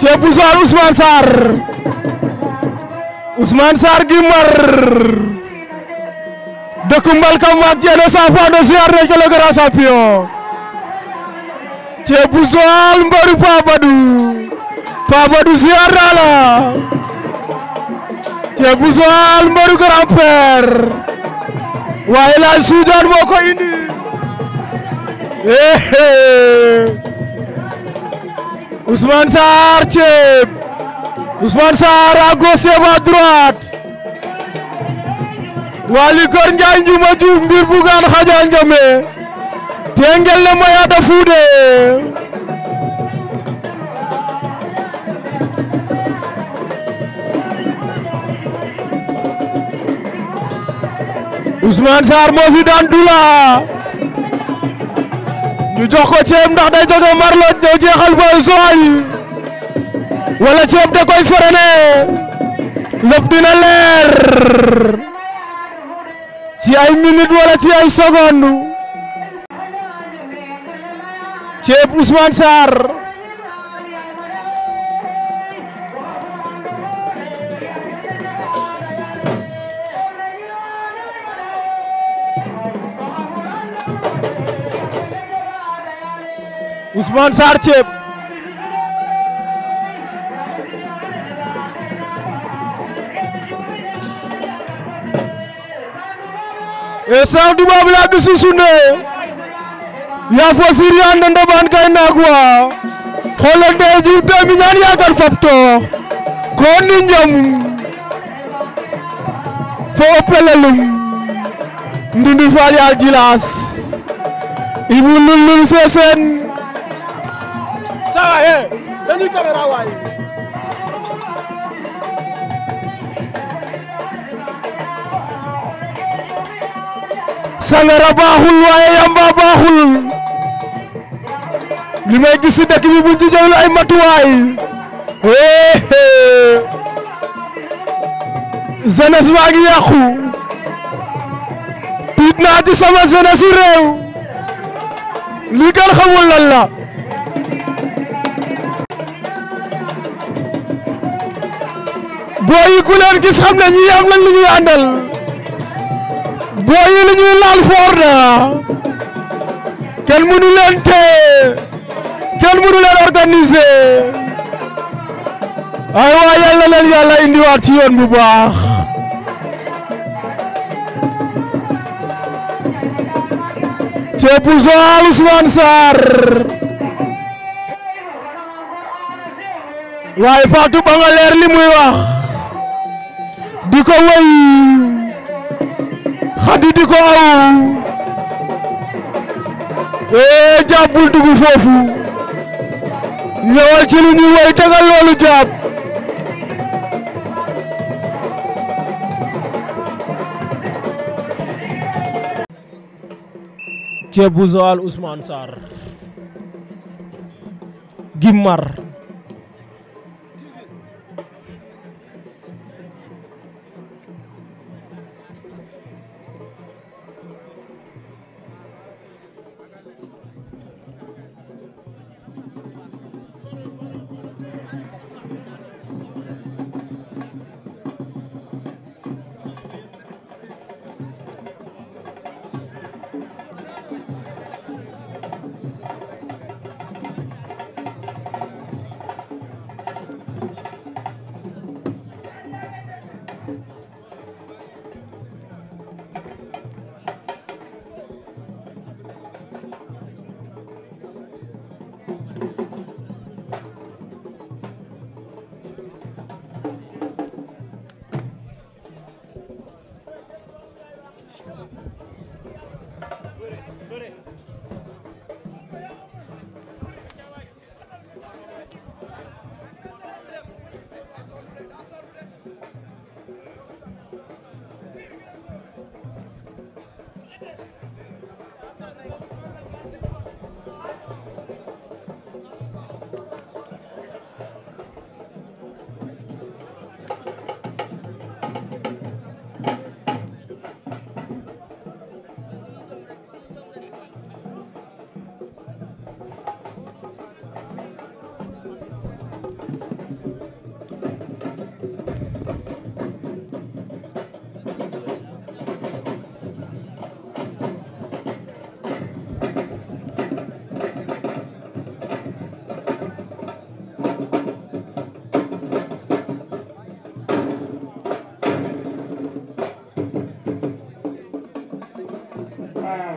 ceebu Saar Ousmane Saar Ousmane Saar gi mar dëkk Mbalkam ak Jeene Safaan do ziar nañ ko le grand ceebu Saar mbaru Pabadou Pabadou ziar naa la ceebu Saar mbaru grand père waaye la Soujaan moo ko indi Ousmane Sarr ceeb Ousmane Sarr à gauche ceeb à droite Waly Kor Ndiaye Ndiouma Diouf mbir Bougane Khadja Ndiamé tengel le maya da fuude Ousmane dula ñu jox ko ceeb ndax day jóge Marloj day jeexal booy Joal wala ceeb da koy freiné lépp dina leer ci ay minutes wala ci ay secondes ceeb Ousmane Sarr. Ousmane Sarr ceeb e sar du babu la bisu sunne ya fo siri ande ndeban kay nagwa xoolal ndey ji be mi ñaan yaakaar fab toox ko ni njam fo pelelum ndindi fa ya jilas ibu caméra waaye dañuy caméra waaye sangara baaxul waaye yamba baaxul li may gis si dëkk bi buñ ci jël ay matuwaay jeunesse baa ngi yàqu tiit naa ci sama jeunesse réew lii kan xamul lan la booy yi ku leen gis xam ne ñii am nañ lu ñuy àndal booy lu ñuy laal foor na kenn mënu leen téye kenn mënu leen organiser ay waa yàlla leen yàlla indiwaat ci yoon bu baax Thié Bousso Ousmane Sarr waaye Fatou ba nga leer li muy wax di ko way xadi di ko aw ee eh, jàppul dugg foofu ñëwal ci lu ñuy way tegal loolu jàpp ceeb bu Joal Ousmane Sarr Guimard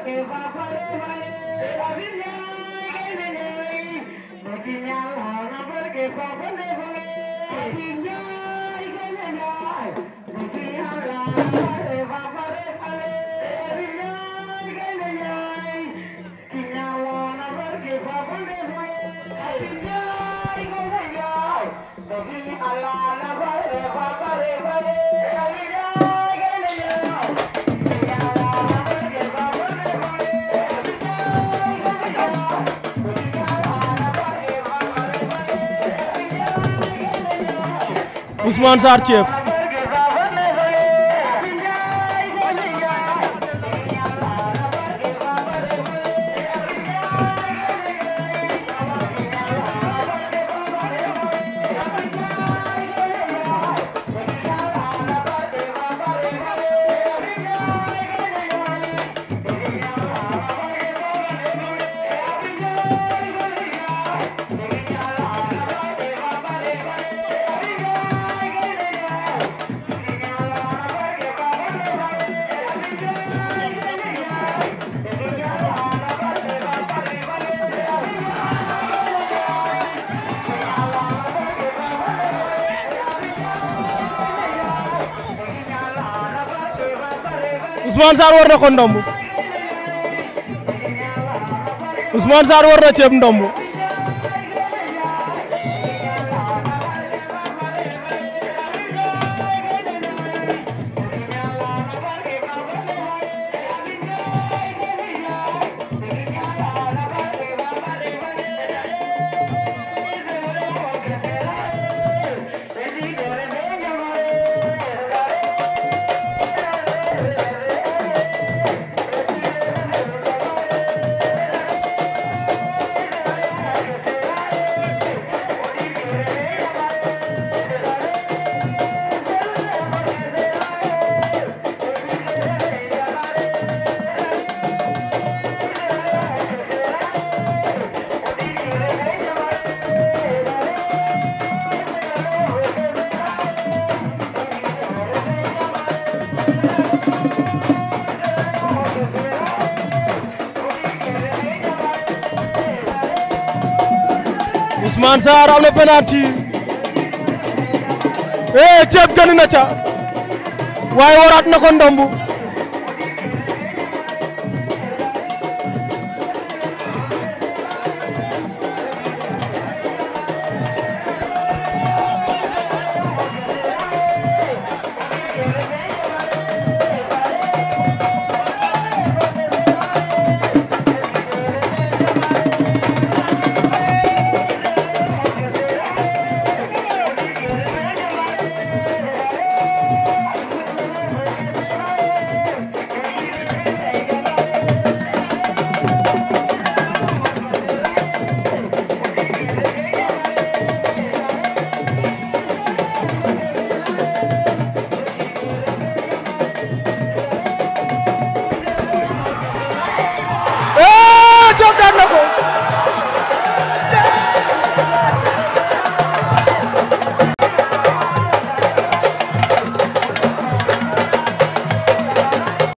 Happy night, good night. Ousmane Sarr Thiep Ousmane Sarr war na ko ndomb Ousmane Sarr am na penalty eh ceeb gën na ca waaye waraat na ko ndombu